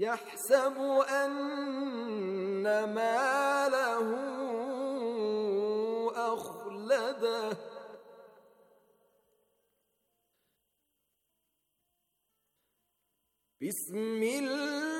يحسب أن ماله أخلده بسم الله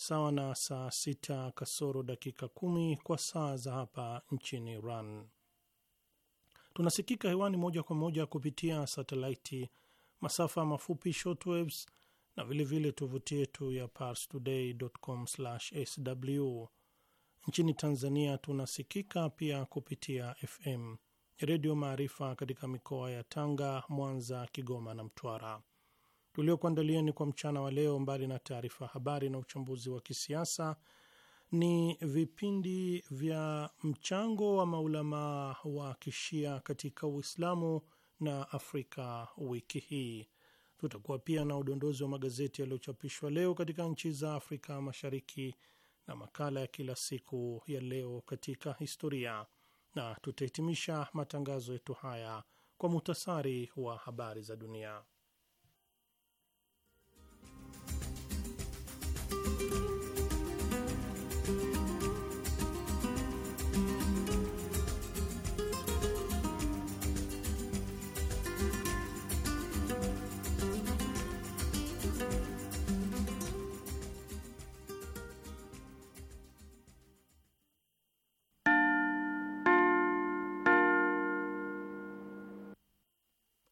sawa na saa sita kasoro dakika kumi kwa saa za hapa nchini Iran. Tunasikika hewani moja kwa moja kupitia satelaiti, masafa mafupi shotwaves na vilevile tovuti yetu ya parstoday.com/sw. Nchini Tanzania tunasikika pia kupitia FM Redio Maarifa katika mikoa ya Tanga, Mwanza, Kigoma na Mtwara tuliokuandalieni kwa mchana wa leo, mbali na taarifa habari na uchambuzi wa kisiasa, ni vipindi vya mchango wa maulamaa wa kishia katika Uislamu na Afrika wiki hii. Tutakuwa pia na udondozi wa magazeti yaliyochapishwa leo katika nchi za Afrika Mashariki na makala ya kila siku ya leo katika historia, na tutahitimisha matangazo yetu haya kwa muhtasari wa habari za dunia.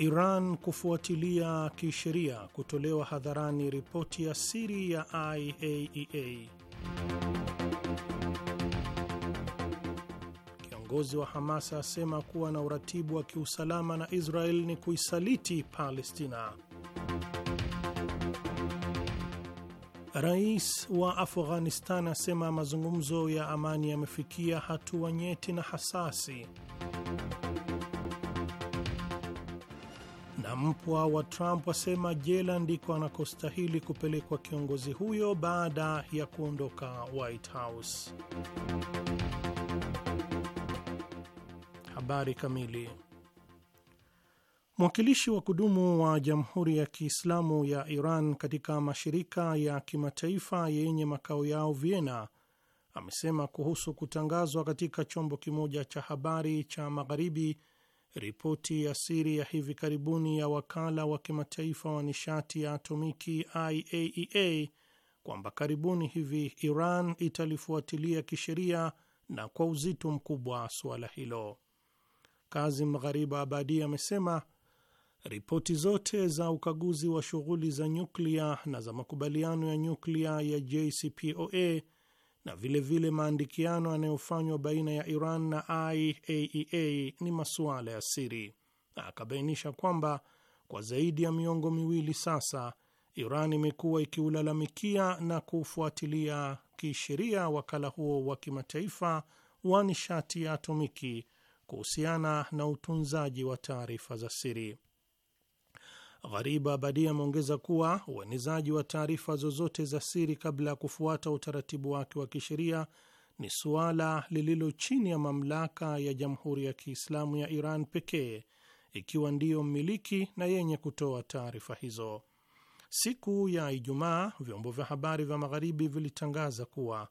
Iran kufuatilia kisheria kutolewa hadharani ripoti ya siri ya IAEA. E Kiongozi wa Hamas asema kuwa na uratibu wa kiusalama na Israel ni kuisaliti Palestina. Rais wa Afghanistan asema mazungumzo ya amani yamefikia hatua nyeti na hasasi. mpwa wa Trump asema jela ndiko anakostahili kupelekwa kiongozi huyo baada ya kuondoka White House. Habari kamili. Mwakilishi wa kudumu wa Jamhuri ya Kiislamu ya Iran katika mashirika ya kimataifa yenye makao yao Vienna amesema kuhusu kutangazwa katika chombo kimoja cha habari cha Magharibi Ripoti ya siri ya hivi karibuni ya wakala wa kimataifa wa nishati ya atomiki IAEA e kwamba karibuni hivi Iran italifuatilia kisheria na kwa uzito mkubwa suala hilo. Kazim Ghariba Abadi amesema ripoti zote za ukaguzi wa shughuli za nyuklia na za makubaliano ya nyuklia ya JCPOA na vilevile maandikiano yanayofanywa baina ya Iran na IAEA e ni masuala ya siri, na akabainisha kwamba kwa zaidi ya miongo miwili sasa Iran imekuwa ikiulalamikia na kufuatilia kisheria wakala huo wa kimataifa wa nishati ya atomiki kuhusiana na utunzaji wa taarifa za siri. Ghariba Abadi ameongeza kuwa uenezaji wa taarifa zozote za siri kabla ya kufuata utaratibu wake wa kisheria ni suala lililo chini ya mamlaka ya Jamhuri ya Kiislamu ya Iran pekee, ikiwa ndiyo mmiliki na yenye kutoa taarifa hizo. Siku ya Ijumaa, vyombo vya habari vya Magharibi vilitangaza kuwa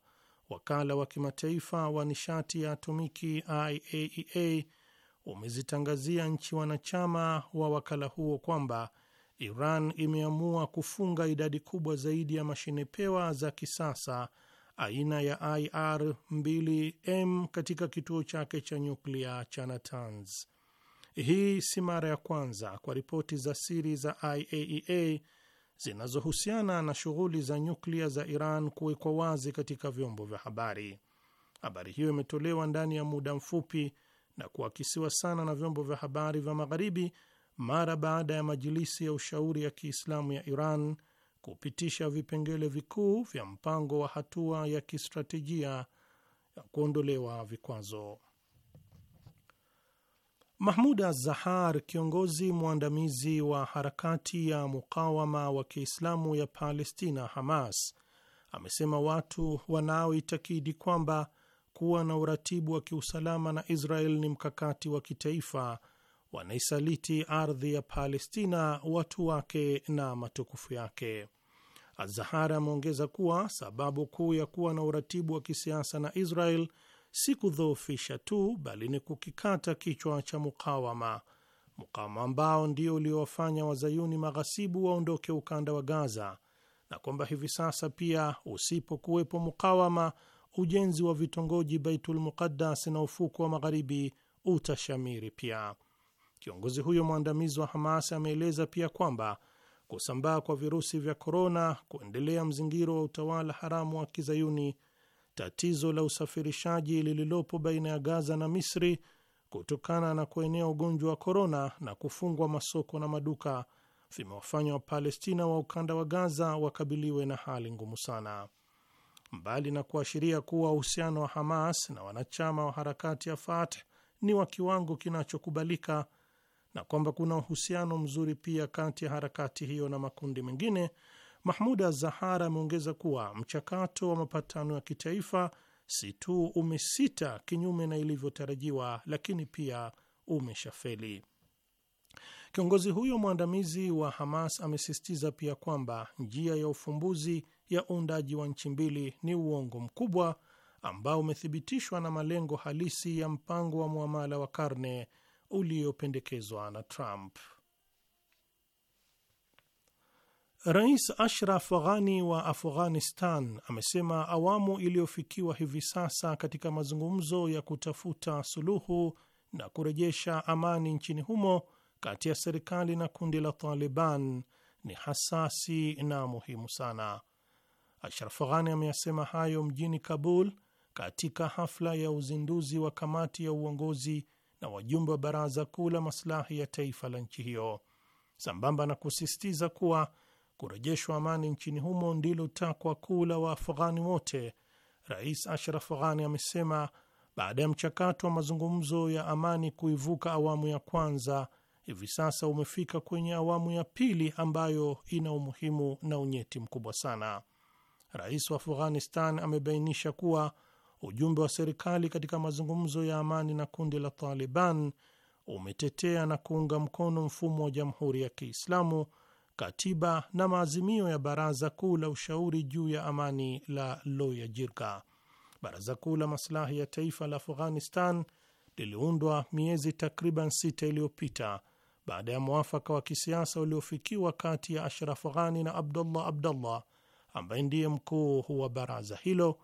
wakala wa kimataifa wa nishati ya atomiki IAEA e umezitangazia nchi wanachama wa wakala huo kwamba Iran imeamua kufunga idadi kubwa zaidi ya mashine pewa za kisasa aina ya IR-2M katika kituo chake cha nyuklia cha Natanz. Hii si mara ya kwanza kwa ripoti za siri za IAEA e zinazohusiana na shughuli za nyuklia za Iran kuwekwa wazi katika vyombo vya habari. Habari hiyo imetolewa ndani ya muda mfupi na kuakisiwa sana na vyombo vya habari vya Magharibi mara baada ya majilisi ya ushauri ya Kiislamu ya Iran kupitisha vipengele vikuu vya mpango wa hatua ya kistratejia ya kuondolewa vikwazo. Mahmud azahar zahar kiongozi mwandamizi wa harakati ya mukawama wa Kiislamu ya Palestina Hamas, amesema watu wanaoitakidi kwamba kuwa na uratibu wa kiusalama na Israel ni mkakati wa kitaifa wanaisaliti ardhi ya Palestina, watu wake na matukufu yake. Azahara ameongeza kuwa sababu kuu ya kuwa na uratibu wa kisiasa na Israel si kudhoofisha tu, bali ni kukikata kichwa cha mukawama, mukawama ambao ndio uliowafanya wazayuni maghasibu waondoke ukanda wa Gaza, na kwamba hivi sasa pia usipokuwepo mukawama, ujenzi wa vitongoji Baitul Muqaddas na ufuko wa magharibi utashamiri pia. Kiongozi huyo mwandamizi wa Hamas ameeleza pia kwamba kusambaa kwa virusi vya korona, kuendelea mzingiro wa utawala haramu wa Kizayuni, tatizo la usafirishaji lililopo baina ya Gaza na Misri kutokana na kuenea ugonjwa wa korona na kufungwa masoko na maduka vimewafanya Wapalestina wa ukanda wa Gaza wakabiliwe na hali ngumu sana. Mbali na kuashiria kuwa uhusiano wa Hamas na wanachama wa harakati ya Fatah ni wa kiwango kinachokubalika, na kwamba kuna uhusiano mzuri pia kati ya harakati hiyo na makundi mengine. Mahmud azahar ameongeza kuwa mchakato wa mapatano ya kitaifa si tu umesita kinyume na ilivyotarajiwa, lakini pia umeshafeli. Kiongozi huyo mwandamizi wa Hamas amesisitiza pia kwamba njia ya ufumbuzi ya uundaji wa nchi mbili ni uongo mkubwa ambao umethibitishwa na malengo halisi ya mpango wa muamala wa karne uliopendekezwa na Trump. Rais Ashraf Ghani wa Afghanistan amesema awamu iliyofikiwa hivi sasa katika mazungumzo ya kutafuta suluhu na kurejesha amani nchini humo kati ya serikali na kundi la Taliban ni hasasi na muhimu sana. Ashraf Ghani ameyasema hayo mjini Kabul katika hafla ya uzinduzi wa kamati ya uongozi na wajumbe wa baraza kuu la maslahi ya taifa la nchi hiyo, sambamba na kusisitiza kuwa kurejeshwa amani nchini humo ndilo takwa kuu la Waafghani wote. Rais Ashraf Ghani amesema baada ya mchakato wa mazungumzo ya amani kuivuka awamu ya kwanza, hivi sasa umefika kwenye awamu ya pili ambayo ina umuhimu na unyeti mkubwa sana. Rais wa Afghanistan amebainisha kuwa ujumbe wa serikali katika mazungumzo ya amani na kundi la Taliban umetetea na kuunga mkono mfumo wa Jamhuri ya Kiislamu, katiba na maazimio ya Baraza Kuu la Ushauri juu ya Amani la Loya Jirga. Baraza Kuu la Maslahi ya Taifa la Afghanistan liliundwa miezi takriban sita iliyopita baada ya mwafaka wa kisiasa uliofikiwa kati ya Ashraf Ghani na Abdullah Abdullah ambaye ndiye mkuu wa baraza hilo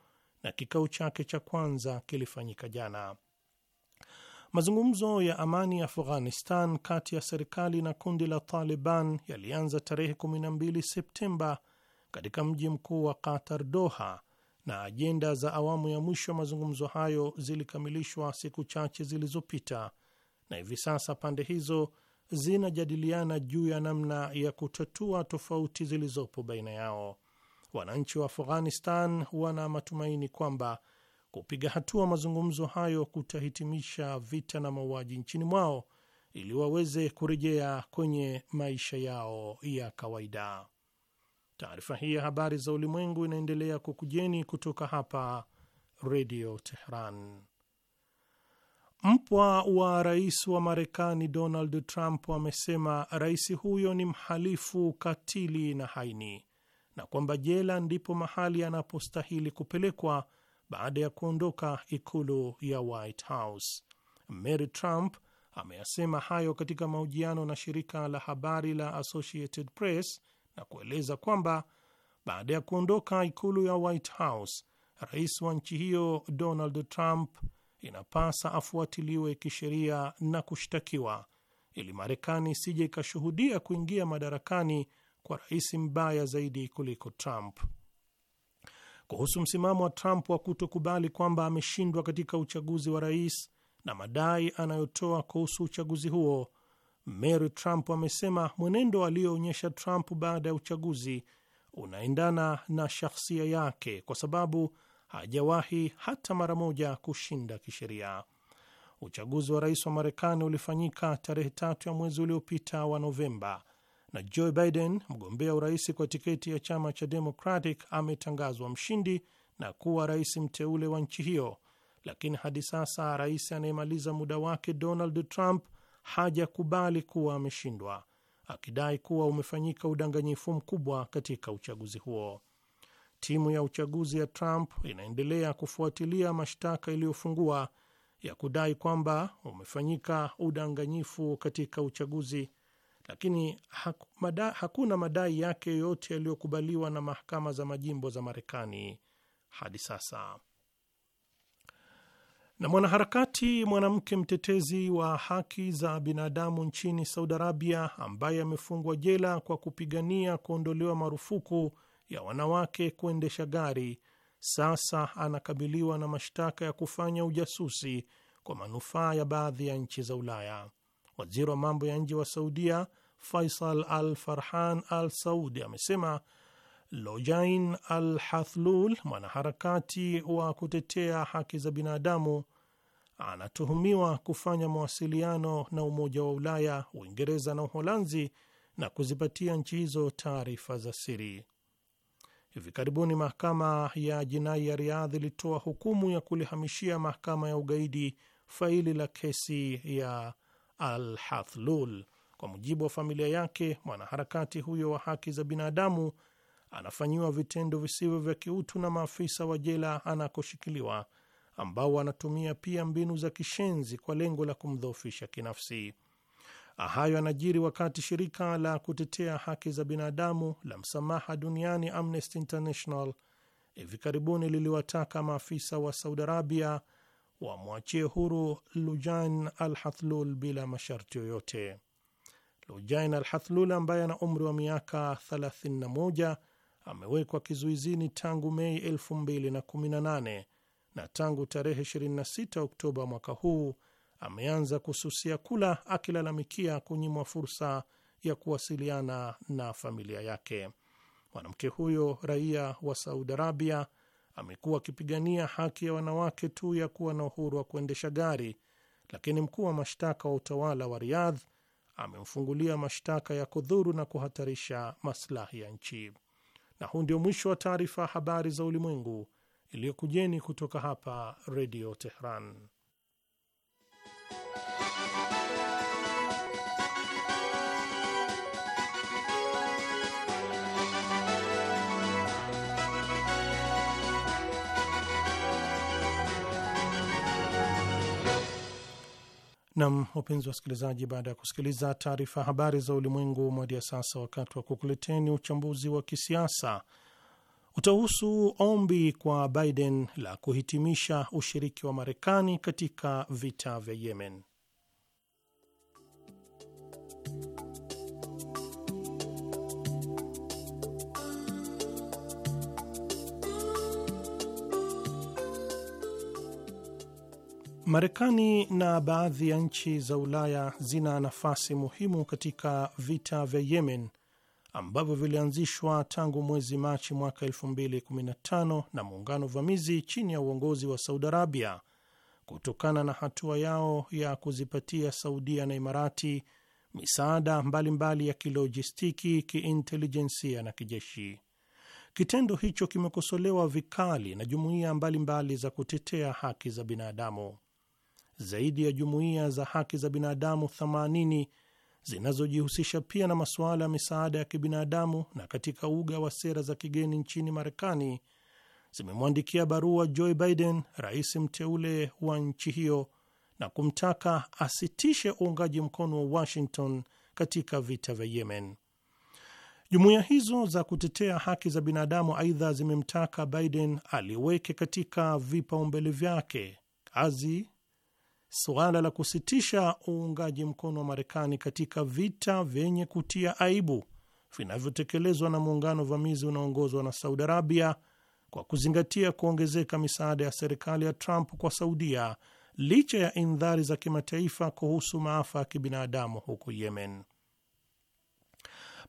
na kikao chake cha kwanza kilifanyika jana. Mazungumzo ya amani ya Afghanistan kati ya serikali na kundi la Taliban yalianza tarehe 12 Septemba katika mji mkuu wa Qatar, Doha, na ajenda za awamu ya mwisho ya mazungumzo hayo zilikamilishwa siku chache zilizopita, na hivi sasa pande hizo zinajadiliana juu ya namna ya kutatua tofauti zilizopo baina yao wananchi wa Afghanistan wana matumaini kwamba kupiga hatua mazungumzo hayo kutahitimisha vita na mauaji nchini mwao ili waweze kurejea kwenye maisha yao ya kawaida. Taarifa hii ya habari za ulimwengu inaendelea kukujeni kutoka hapa Redio Tehran. Mpwa wa rais wa Marekani Donald Trump amesema rais huyo ni mhalifu katili na haini na kwamba jela ndipo mahali anapostahili kupelekwa baada ya kuondoka ikulu ya White House. Mary Trump ameyasema hayo katika mahojiano na shirika la habari la Associated Press na kueleza kwamba baada ya kuondoka ikulu ya White House, rais wa nchi hiyo Donald Trump inapasa afuatiliwe kisheria na kushtakiwa ili Marekani isije ikashuhudia kuingia madarakani kwa rais mbaya zaidi kuliko Trump. Kuhusu msimamo wa Trump wa kutokubali kwamba ameshindwa katika uchaguzi wa rais na madai anayotoa kuhusu uchaguzi huo, Mary Trump amesema mwenendo aliyoonyesha Trump baada ya uchaguzi unaendana na shahsia yake kwa sababu hajawahi hata mara moja kushinda kisheria. Uchaguzi wa rais wa Marekani ulifanyika tarehe tatu ya mwezi uliopita wa Novemba na Joe Biden, mgombea urais kwa tiketi ya chama cha Democratic, ametangazwa mshindi na kuwa rais mteule wa nchi hiyo, lakini hadi sasa rais anayemaliza muda wake Donald Trump hajakubali kuwa ameshindwa, akidai kuwa umefanyika udanganyifu mkubwa katika uchaguzi huo. Timu ya uchaguzi ya Trump inaendelea kufuatilia mashtaka iliyofungua ya kudai kwamba umefanyika udanganyifu katika uchaguzi lakini hakuna madai yake yoyote yaliyokubaliwa na mahakama za majimbo za Marekani hadi sasa. Na mwanaharakati mwanamke mtetezi wa haki za binadamu nchini Saudi Arabia, ambaye amefungwa jela kwa kupigania kuondolewa marufuku ya wanawake kuendesha gari, sasa anakabiliwa na mashtaka ya kufanya ujasusi kwa manufaa ya baadhi ya nchi za Ulaya. Waziri wa mambo ya nje wa Saudia Faisal Al Farhan Al Saudi amesema Lojain Al Hathlul, mwanaharakati wa kutetea haki za binadamu, anatuhumiwa kufanya mawasiliano na Umoja wa Ulaya, Uingereza na Uholanzi na kuzipatia nchi hizo taarifa za siri. Hivi karibuni mahakama ya jinai ya riadh ilitoa hukumu ya kulihamishia mahakama ya ugaidi faili la kesi ya al Hathlul. Kwa mujibu wa familia yake, mwanaharakati huyo wa haki za binadamu anafanyiwa vitendo visivyo vya kiutu na maafisa wa jela anakoshikiliwa, ambao wanatumia pia mbinu za kishenzi kwa lengo la kumdhoofisha kinafsi. Hayo anajiri wakati shirika la kutetea haki za binadamu la msamaha duniani Amnesty International hivi karibuni liliwataka maafisa wa Saudi Arabia wamwachie huru Lujain al Hathlul bila masharti yoyote. Lujain al Hathlul ambaye ana umri wa miaka 31 amewekwa kizuizini tangu Mei 2018 na tangu tarehe 26 Oktoba mwaka huu ameanza kususia kula, akilalamikia kunyimwa fursa ya kuwasiliana na familia yake. Mwanamke huyo raia wa Saudi Arabia amekuwa akipigania haki ya wanawake tu ya kuwa na uhuru wa kuendesha gari, lakini mkuu wa mashtaka wa utawala wa Riyadh amemfungulia mashtaka ya kudhuru na kuhatarisha maslahi ya nchi. Na huu ndio mwisho wa taarifa ya habari za ulimwengu iliyokujeni kutoka hapa Redio Tehran. Nam, wapenzi wasikilizaji, baada ya kusikiliza taarifa habari za ulimwengu ya sasa wakati wa kukuleteni uchambuzi wa kisiasa utahusu ombi kwa Biden la kuhitimisha ushiriki wa Marekani katika vita vya Yemen. Marekani na baadhi ya nchi za Ulaya zina nafasi muhimu katika vita vya Yemen ambavyo vilianzishwa tangu mwezi Machi mwaka 2015 na muungano vamizi chini ya uongozi wa Saudi Arabia kutokana na hatua yao ya kuzipatia Saudia na Imarati misaada mbalimbali mbali ya kilojistiki, kiintelijensia na kijeshi. Kitendo hicho kimekosolewa vikali na jumuiya mbalimbali za kutetea haki za binadamu zaidi ya jumuiya za haki za binadamu 80 zinazojihusisha pia na masuala ya misaada ya kibinadamu na katika uga wa sera za kigeni nchini Marekani zimemwandikia barua Joe Biden, rais mteule wa nchi hiyo, na kumtaka asitishe uungaji mkono wa Washington katika vita vya Yemen. Jumuiya hizo za kutetea haki za binadamu aidha zimemtaka Biden aliweke katika vipaumbele vyake kazi suala la kusitisha uungaji mkono wa Marekani katika vita vyenye kutia aibu vinavyotekelezwa na muungano vamizi unaoongozwa na Saudi Arabia kwa kuzingatia kuongezeka misaada ya serikali ya Trump kwa Saudia licha ya indhari za kimataifa kuhusu maafa ya kibinadamu huko Yemen.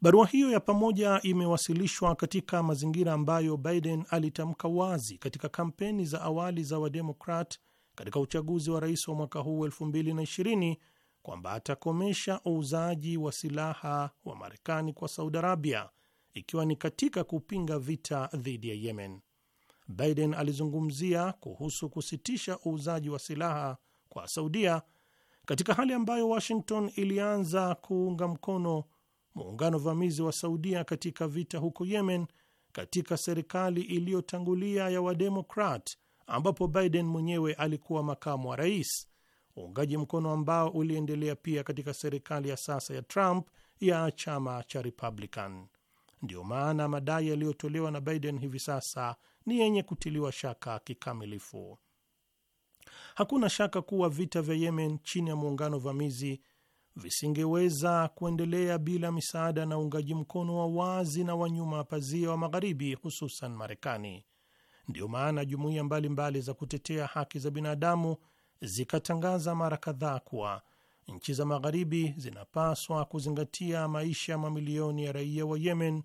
Barua hiyo ya pamoja imewasilishwa katika mazingira ambayo Biden alitamka wazi katika kampeni za awali za Wademokrat katika uchaguzi wa rais wa mwaka huu 2020 kwamba atakomesha uuzaji wa silaha wa Marekani kwa Saudi Arabia, ikiwa ni katika kupinga vita dhidi ya Yemen. Biden alizungumzia kuhusu kusitisha uuzaji wa silaha kwa Saudia katika hali ambayo Washington ilianza kuunga mkono muungano vamizi wa Saudia katika vita huko Yemen, katika serikali iliyotangulia ya Wademokrat ambapo Biden mwenyewe alikuwa makamu wa rais, uungaji mkono ambao uliendelea pia katika serikali ya sasa ya Trump ya chama cha Republican. Ndiyo maana madai yaliyotolewa na Biden hivi sasa ni yenye kutiliwa shaka kikamilifu. Hakuna shaka kuwa vita vya Yemen chini ya muungano vamizi visingeweza kuendelea bila misaada na uungaji mkono wa wazi na wa nyuma pazia wa Magharibi, hususan Marekani. Ndiyo maana jumuiya mbalimbali za kutetea haki za binadamu zikatangaza mara kadhaa kuwa nchi za Magharibi zinapaswa kuzingatia maisha ya mamilioni ya raia wa Yemen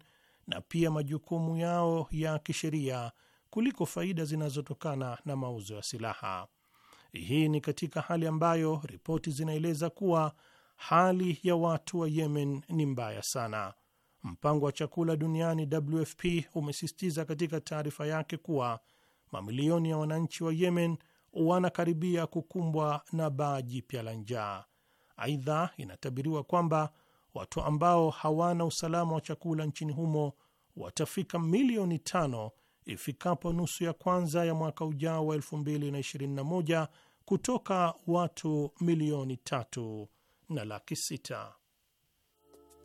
na pia majukumu yao ya kisheria kuliko faida zinazotokana na mauzo ya silaha. Hii ni katika hali ambayo ripoti zinaeleza kuwa hali ya watu wa Yemen ni mbaya sana. Mpango wa chakula duniani WFP umesisitiza katika taarifa yake kuwa mamilioni ya wananchi wa Yemen wanakaribia kukumbwa na baa jipya la njaa. Aidha, inatabiriwa kwamba watu ambao hawana usalama wa chakula nchini humo watafika milioni tano ifikapo nusu ya kwanza ya mwaka ujao wa 2021 kutoka watu milioni tatu na laki sita.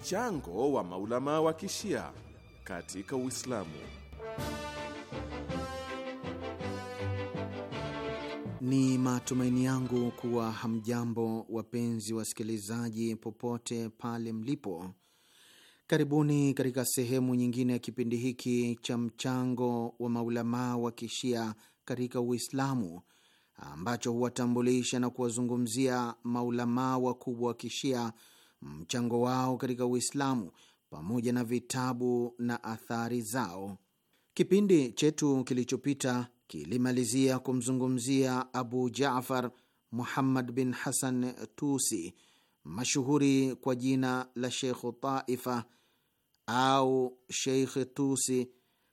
mchango wa maulama wa kishia katika Uislamu. Ni matumaini yangu kuwa hamjambo, wapenzi wasikilizaji, popote pale mlipo. Karibuni katika sehemu nyingine ya kipindi hiki cha mchango wa maulamaa wa kishia katika Uislamu, ambacho huwatambulisha na kuwazungumzia maulamaa wakubwa wa kishia mchango wao katika Uislamu pamoja na vitabu na athari zao. Kipindi chetu kilichopita kilimalizia kumzungumzia Abu Jafar Muhammad bin Hasan Tusi, mashuhuri kwa jina la shekhu Taifa au Sheikh Tusi,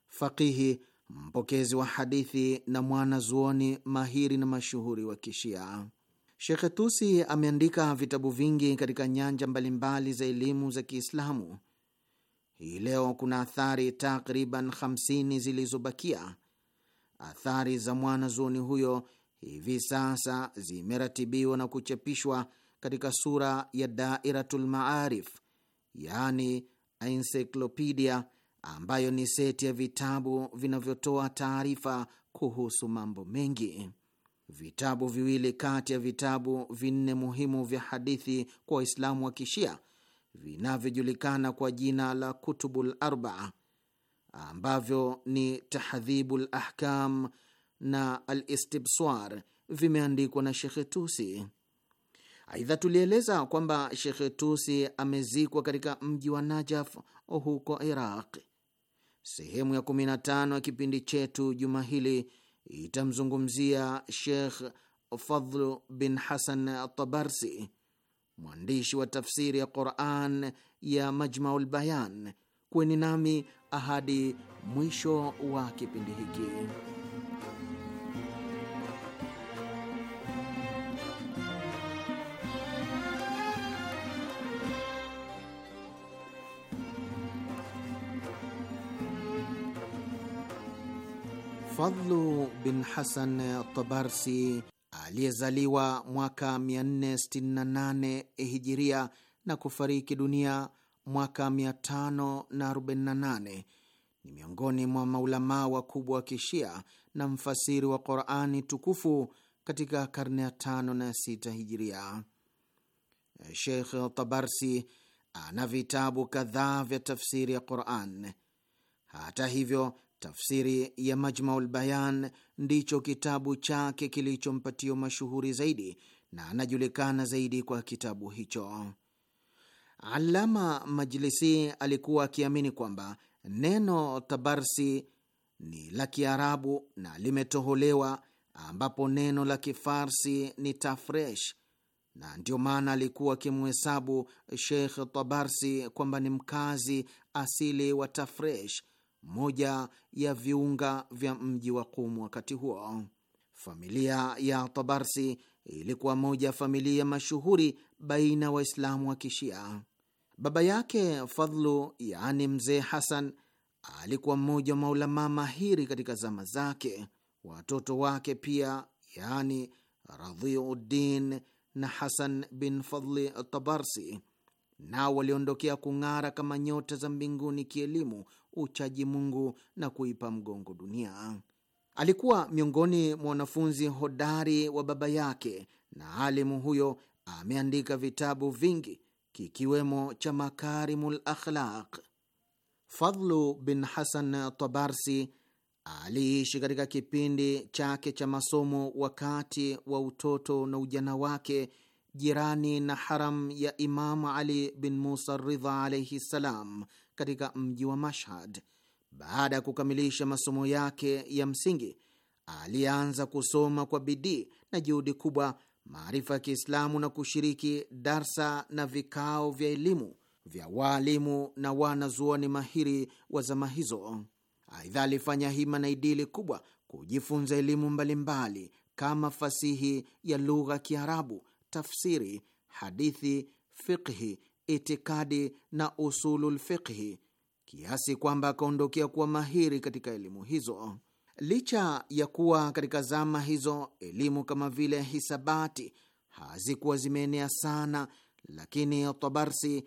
faqihi mpokezi wa hadithi na mwanazuoni mahiri na mashuhuri wa Kishia. Shekhe Tusi ameandika vitabu vingi katika nyanja mbalimbali za elimu za Kiislamu. Hii leo kuna athari takriban 50 zilizobakia. Athari za mwanazuoni huyo hivi sasa zimeratibiwa na kuchapishwa katika sura ya Dairatul Maarif, yaani ensiklopedia, ambayo ni seti ya vitabu vinavyotoa taarifa kuhusu mambo mengi vitabu viwili kati ya vitabu vinne muhimu vya hadithi kwa Waislamu wa Kishia vinavyojulikana kwa jina la Kutubul Arba ambavyo ni Tahdhibul Ahkam na Al vimeandikwa na Shekhe Tusi. Aidha, tulieleza kwamba Shekhe Tusi amezikwa katika mji wa Najaf huko Iraq. Sehemu ya 15 ya kipindi chetu juma hili itamzungumzia Shekh Fadlu bin Hasan Tabarsi, mwandishi wa tafsiri ya Quran ya Majmaul Bayan. Kuweni nami ahadi mwisho wa kipindi hiki. Fadlu bin Hasan Tabarsi aliyezaliwa mwaka 468 hijiria na kufariki dunia mwaka 548 ni miongoni mwa maulamaa wakubwa wa kishia na mfasiri wa Qurani tukufu katika karne ya tano na sita hijiria. Sheikh Tabarsi ana vitabu kadhaa vya tafsiri ya Quran. Hata hivyo, Tafsiri ya Majmaul Bayan ndicho kitabu chake kilichompatia mashuhuri zaidi na anajulikana zaidi kwa kitabu hicho. Alama Majlisi alikuwa akiamini kwamba neno tabarsi ni la Kiarabu na limetoholewa, ambapo neno la Kifarsi ni tafresh, na ndio maana alikuwa akimhesabu Sheikh Tabarsi kwamba ni mkazi asili wa Tafresh moja ya viunga vya mji wa Kumu wakati huo. Familia ya Tabarsi ilikuwa moja ya familia mashuhuri baina Waislamu wa Kishia. Baba yake Fadhlu, yaani Mzee Hasan, alikuwa mmoja wa maulama mahiri katika zama zake. Watoto wake pia, yaani Radhiuddin na Hasan bin Fadli Tabarsi, nao waliondokea kung'ara kama nyota za mbinguni kielimu uchaji Mungu na kuipa mgongo dunia. Alikuwa miongoni mwa wanafunzi hodari wa baba yake, na alimu huyo ameandika vitabu vingi kikiwemo cha Makarimul Akhlaq. Fadhlu bin Hasan Tabarsi aliishi katika kipindi chake cha masomo wakati wa utoto na ujana wake jirani na haram ya Imamu Ali bin Musa Ridha alaihi ssalam, katika mji wa Mashhad. Baada ya kukamilisha masomo yake ya msingi, alianza kusoma kwa bidii na juhudi kubwa maarifa ya Kiislamu na kushiriki darsa na vikao vya elimu vya waalimu na wanazuoni mahiri wa zama hizo. Aidha, alifanya hima na idili kubwa kujifunza elimu mbalimbali kama fasihi ya lugha ya Kiarabu, tafsiri, hadithi, fiqhi itikadi na usulul fiqhi kiasi kwamba akaondokea kuwa mahiri katika elimu hizo. Licha ya kuwa katika zama hizo elimu kama vile hisabati hazikuwa zimeenea sana, lakini Tabarsi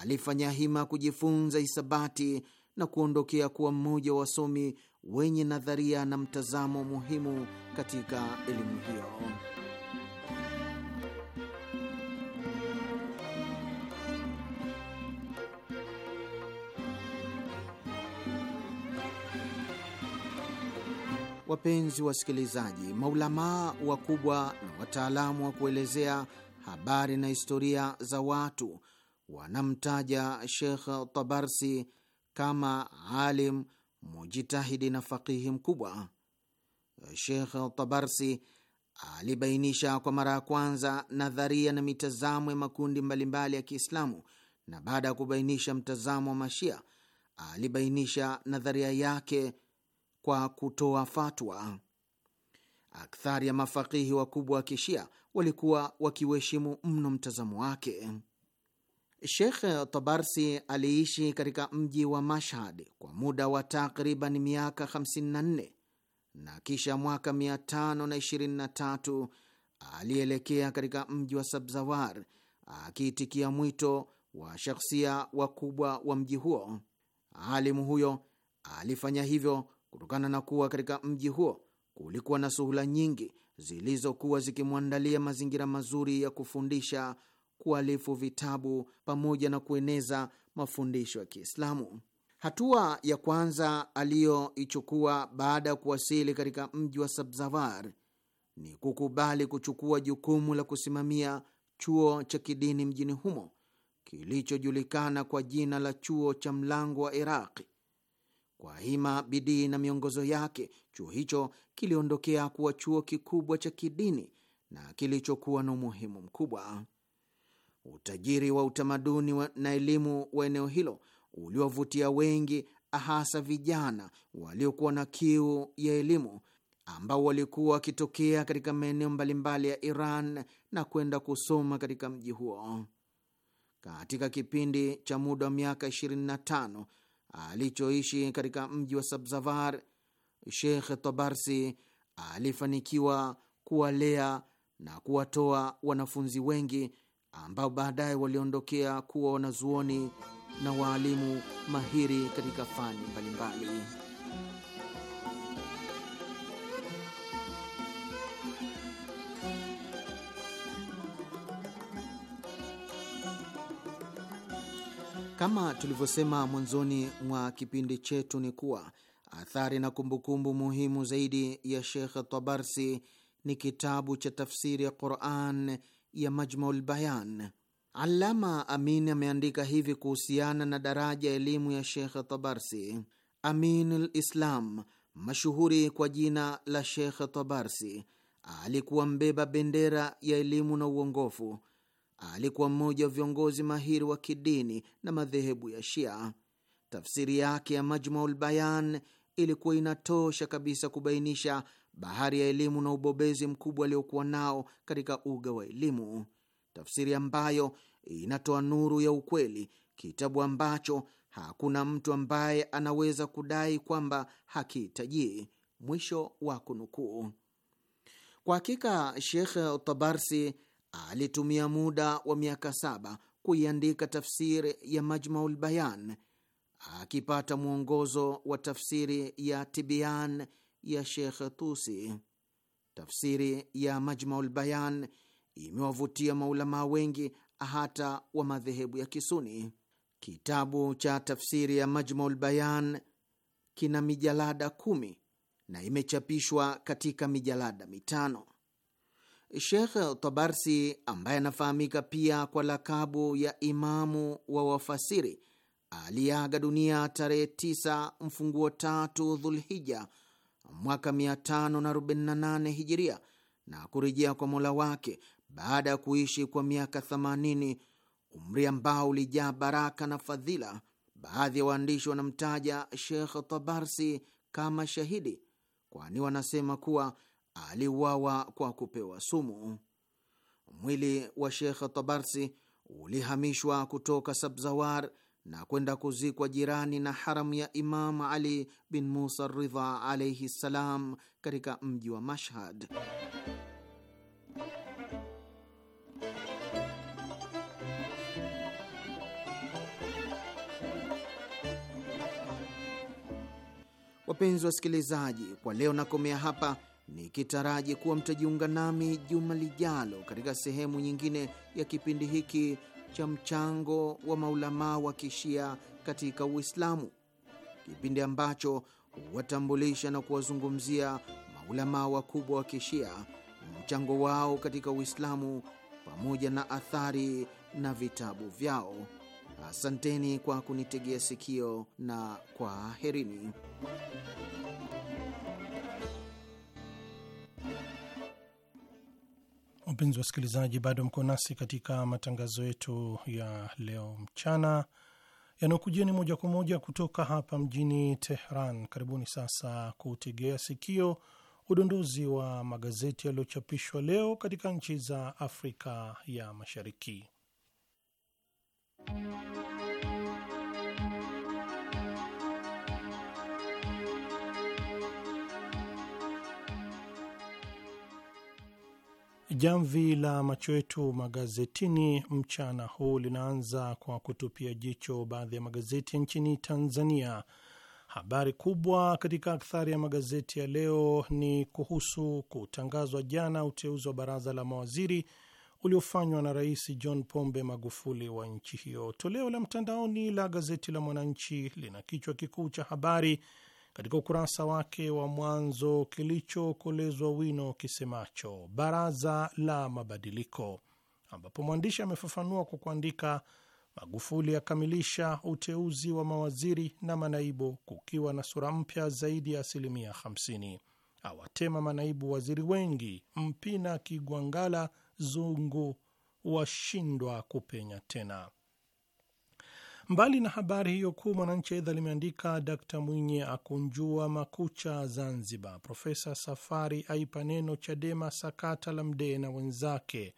alifanya hima kujifunza hisabati na kuondokea kuwa mmoja wa wasomi wenye nadharia na mtazamo muhimu katika elimu hiyo. wapenzi wasikilizaji, maulamaa wakubwa na wataalamu wa kuelezea habari na historia za watu wanamtaja Shekh Tabarsi kama alim mujitahidi na fakihi mkubwa. Shekh Tabarsi alibainisha kwa mara ya kwanza nadharia na mitazamo ya makundi mbalimbali ya Kiislamu, na baada ya kubainisha mtazamo wa Mashia alibainisha nadharia yake kwa kutoa fatwa. Akthari ya mafakihi wakubwa wa kishia walikuwa wakiuheshimu mno mtazamo wake. Shekh Tabarsi aliishi katika mji wa Mashhad kwa muda wa takriban miaka 54 na kisha mwaka 523 alielekea katika mji wa Sabzawar akiitikia mwito wa shakhsia wakubwa wa mji huo. Alimu huyo alifanya hivyo kutokana na kuwa katika mji huo kulikuwa na suhula nyingi zilizokuwa zikimwandalia mazingira mazuri ya kufundisha, kualifu vitabu pamoja na kueneza mafundisho ya Kiislamu. Hatua ya kwanza aliyoichukua baada ya kuwasili katika mji wa Sabzawar ni kukubali kuchukua jukumu la kusimamia chuo cha kidini mjini humo kilichojulikana kwa jina la chuo cha mlango wa Iraqi kwa hima, bidii na miongozo yake, chuo hicho kiliondokea kuwa chuo kikubwa cha kidini na kilichokuwa na umuhimu mkubwa. Utajiri wa utamaduni na elimu wa eneo hilo uliovutia wengi, hasa vijana waliokuwa na kiu ya elimu, ambao walikuwa wakitokea katika maeneo mbalimbali ya Iran na kwenda kusoma katika mji huo. Katika kipindi cha muda wa miaka 25 alichoishi katika mji wa Sabzavar, Sheikh Tabarsi alifanikiwa kuwalea na kuwatoa wanafunzi wengi ambao baadaye waliondokea kuwa wanazuoni na waalimu mahiri katika fani mbalimbali. Kama tulivyosema mwanzoni mwa kipindi chetu, ni kuwa athari na kumbukumbu muhimu zaidi ya Sheikh Tabarsi ni kitabu cha tafsiri ya Quran ya Majmaul Bayan. Alama Amin ameandika hivi kuhusiana na daraja ya elimu ya Sheikh Tabarsi: Aminul Islam mashuhuri kwa jina la Sheikh Tabarsi alikuwa mbeba bendera ya elimu na uongofu alikuwa mmoja wa viongozi mahiri wa kidini na madhehebu ya Shia. Tafsiri yake ya Majmaul Bayan ilikuwa inatosha kabisa kubainisha bahari ya elimu na ubobezi mkubwa aliokuwa nao katika uga wa elimu, tafsiri ambayo inatoa nuru ya ukweli, kitabu ambacho hakuna mtu ambaye anaweza kudai kwamba hakihitajii. Mwisho wa kunukuu. Kwa hakika Shekh Tabarsi alitumia muda wa miaka saba kuiandika tafsiri ya Majmaul Bayan, akipata mwongozo wa tafsiri ya Tibian ya Shekh Tusi. Tafsiri ya Majmaul Bayan imewavutia maulamaa wengi hata wa madhehebu ya Kisuni. Kitabu cha tafsiri ya Majmaul Bayan kina mijalada kumi na imechapishwa katika mijalada mitano. Shekh Tabarsi, ambaye anafahamika pia kwa lakabu ya Imamu wa Wafasiri, aliaga dunia tarehe 9 mfunguo tatu Dhulhija mwaka 548 Hijiria na kurejea kwa mola wake baada ya kuishi kwa miaka 80, umri ambao ulijaa baraka na fadhila. Baadhi ya waandishi wanamtaja Shekh Tabarsi kama shahidi, kwani wanasema kuwa aliuawa kwa kupewa sumu. Mwili wa Shekh Tabarsi ulihamishwa kutoka Sabzawar na kwenda kuzikwa jirani na haramu ya Imam Ali bin Musa Ridha alaihi ssalam katika mji wa Mashhad. Wapenzi wasikilizaji, kwa leo nakomea hapa nikitaraji kuwa mtajiunga nami juma lijalo katika sehemu nyingine ya kipindi hiki cha mchango wa maulamaa wa kishia katika Uislamu, kipindi ambacho huwatambulisha na kuwazungumzia maulamaa wakubwa wa kishia, mchango wao katika Uislamu pamoja na athari na vitabu vyao. Asanteni kwa kunitegea sikio na kwaherini. Wapenzi wasikilizaji, bado mko nasi katika matangazo yetu ya leo mchana ni moja kwa moja kutoka hapa mjini Tehran. Karibuni sasa kutegea sikio udondozi wa magazeti yaliyochapishwa leo katika nchi za Afrika ya Mashariki. Jamvi la macho yetu magazetini mchana huu linaanza kwa kutupia jicho baadhi ya magazeti nchini Tanzania. Habari kubwa katika akthari ya magazeti ya leo ni kuhusu kutangazwa jana uteuzi wa baraza la mawaziri uliofanywa na Rais John Pombe Magufuli wa nchi hiyo. Toleo la mtandaoni la gazeti la Mwananchi lina kichwa kikuu cha habari katika ukurasa wake wa mwanzo kilichokolezwa wino kisemacho Baraza la Mabadiliko, ambapo mwandishi amefafanua kwa kuandika, Magufuli akamilisha uteuzi wa mawaziri na manaibu kukiwa na sura mpya zaidi ya asilimia 50, awatema manaibu waziri wengi, Mpina Kigwangala Zungu washindwa kupenya tena Mbali na habari hiyo kuu, Mwananchi aidha limeandika Dkt Mwinyi akunjua makucha Zanzibar, Profesa Safari aipa neno Chadema sakata la Mdee na wenzake,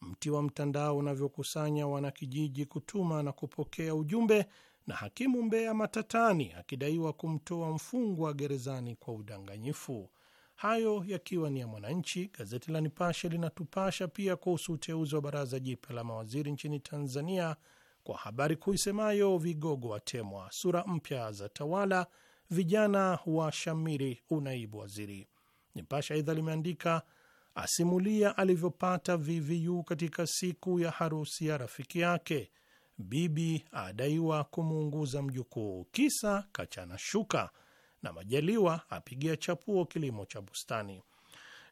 mti wa mtandao unavyokusanya wanakijiji kutuma na kupokea ujumbe, na hakimu Mbeya matatani akidaiwa kumtoa mfungwa gerezani kwa udanganyifu. Hayo yakiwa ni ya Mwananchi. Gazeti la Nipashe linatupasha pia kuhusu uteuzi wa baraza jipya la mawaziri nchini Tanzania kwa habari kuu isemayo vigogo watemwa, sura mpya za tawala, vijana wa shamiri unaibu waziri. Nipasha aidha limeandika asimulia alivyopata VVU katika siku ya harusi ya rafiki yake, bibi adaiwa kumuunguza mjukuu, kisa kachana shuka, na Majaliwa apigia chapuo kilimo cha bustani.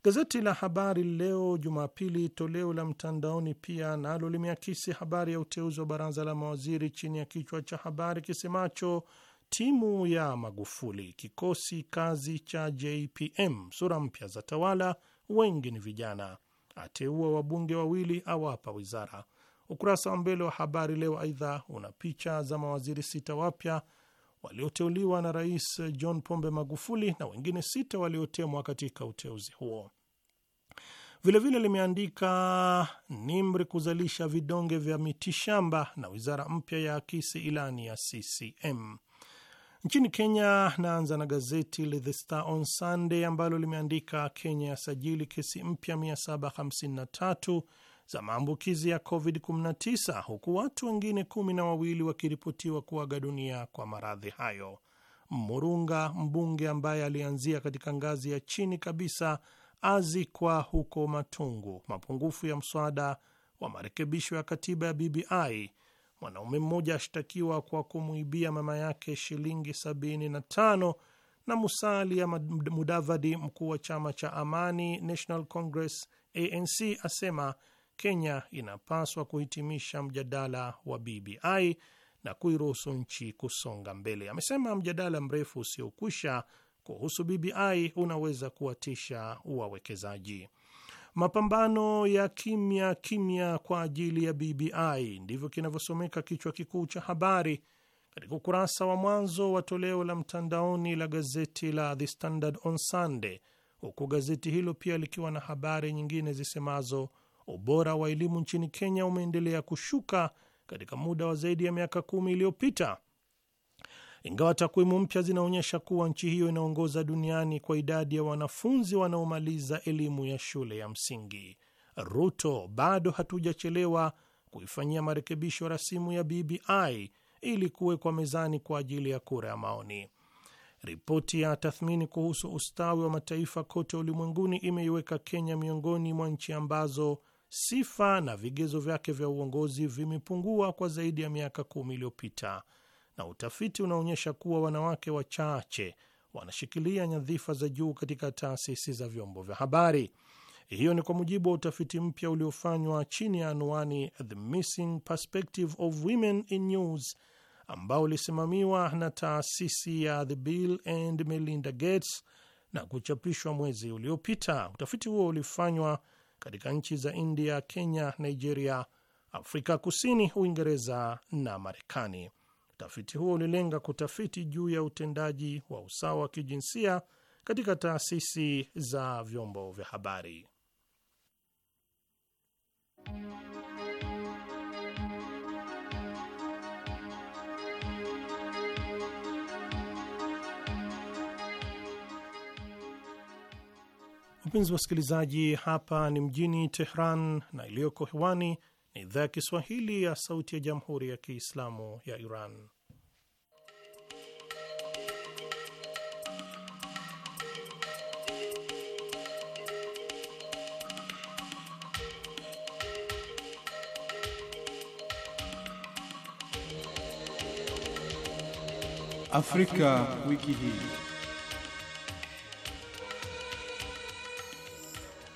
Gazeti la Habari Leo Jumapili toleo la mtandaoni pia nalo limeakisi habari ya uteuzi wa baraza la mawaziri chini ya kichwa cha habari kisemacho timu ya Magufuli, kikosi kazi cha JPM, sura mpya za tawala, wengi ni vijana, ateua wabunge wawili, awapa wizara. Ukurasa wa mbele wa Habari Leo aidha una picha za mawaziri sita wapya walioteuliwa na Rais John Pombe Magufuli na wengine sita waliotemwa katika uteuzi huo. Vilevile limeandika nimri kuzalisha vidonge vya mitishamba na wizara mpya ya akisi ilani ya CCM nchini Kenya. Naanza na gazeti la The Star on Sunday ambalo limeandika Kenya yasajili kesi mpya 753 za maambukizi ya COVID-19 huku watu wengine kumi na wawili wakiripotiwa kuaga dunia kwa maradhi hayo. Murunga, mbunge ambaye alianzia katika ngazi ya chini kabisa, azikwa huko Matungu. Mapungufu ya mswada wa marekebisho ya katiba ya BBI. Mwanaume mmoja ashtakiwa kwa kumwibia mama yake shilingi sabini na tano na Musalia Mudavadi, mkuu wa chama cha Amani National Congress ANC, asema Kenya inapaswa kuhitimisha mjadala wa BBI na kuiruhusu nchi kusonga mbele. Amesema mjadala mrefu usiokwisha kuhusu BBI unaweza kuwatisha wawekezaji. Mapambano ya kimya kimya kwa ajili ya BBI, ndivyo kinavyosomeka kichwa kikuu cha habari katika ukurasa wa mwanzo wa toleo la mtandaoni la gazeti la The Standard on Sunday, huku gazeti hilo pia likiwa na habari nyingine zisemazo ubora wa elimu nchini Kenya umeendelea kushuka katika muda wa zaidi ya miaka kumi iliyopita, ingawa takwimu mpya zinaonyesha kuwa nchi hiyo inaongoza duniani kwa idadi ya wanafunzi wanaomaliza elimu ya shule ya msingi. Ruto: bado hatujachelewa kuifanyia marekebisho rasimu ya BBI ili kuwekwa mezani kwa ajili ya kura ya maoni. Ripoti ya tathmini kuhusu ustawi wa mataifa kote ulimwenguni imeiweka Kenya miongoni mwa nchi ambazo sifa na vigezo vyake vya uongozi vimepungua kwa zaidi ya miaka kumi iliyopita, na utafiti unaonyesha kuwa wanawake wachache wanashikilia nyadhifa za juu katika taasisi za vyombo vya habari. Hiyo ni kwa mujibu wa utafiti mpya uliofanywa chini ya anwani The Missing Perspective of Women in News ambao ulisimamiwa na taasisi ya The Bill and Melinda Gates na kuchapishwa mwezi uliopita. Utafiti huo ulifanywa katika nchi za India, Kenya, Nigeria, Afrika Kusini, Uingereza na Marekani. Utafiti huo ulilenga kutafiti juu ya utendaji wa usawa wa kijinsia katika taasisi za vyombo vya habari. Wapenzi wasikilizaji, hapa ni mjini Tehran na iliyoko hewani ni idhaa ya Kiswahili ya Sauti ya Jamhuri ya Kiislamu ya Iran. Afrika, Afrika wiki hii.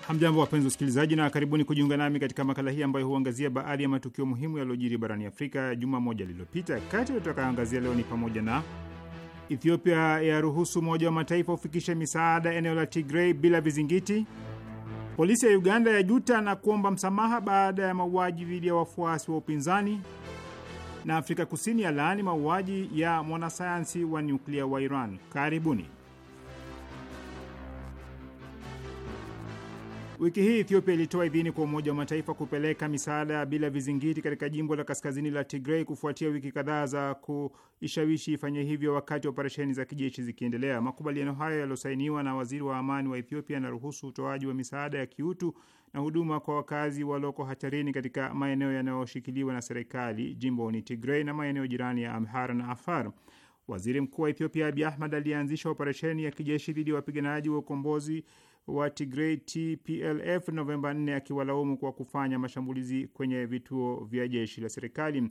Hamjambo, wapenzi wasikilizaji, na karibuni kujiunga nami katika makala hii ambayo huangazia baadhi ya matukio muhimu yaliyojiri barani Afrika juma moja lililopita. Kati ya tutakayoangazia leo ni pamoja na Ethiopia yaruhusu Umoja wa Mataifa hufikishe misaada eneo la Tigrei bila vizingiti, polisi ya Uganda yajuta na kuomba msamaha baada ya mauaji dhidi ya wafuasi wa upinzani, na Afrika Kusini ya laani mauaji ya mwanasayansi wa nyuklia wa Iran. Karibuni. Wiki hii Ethiopia ilitoa idhini kwa Umoja wa Mataifa kupeleka misaada bila vizingiti katika jimbo la kaskazini la Tigrei kufuatia wiki kadhaa za kuishawishi ifanye hivyo wakati operesheni za kijeshi zikiendelea. Makubaliano hayo yaliyosainiwa na waziri wa amani wa Ethiopia yanaruhusu utoaji wa misaada ya kiutu na huduma kwa wakazi walioko hatarini katika maeneo yanayoshikiliwa na serikali jimboni Tigrei na maeneo jirani ya Amhara na Afar. Waziri Mkuu wa Ethiopia Abiy Ahmed alianzisha operesheni ya kijeshi dhidi ya wapiganaji wa ukombozi wa Tigray TPLF Novemba 4 akiwalaumu kwa kufanya mashambulizi kwenye vituo vya jeshi la serikali.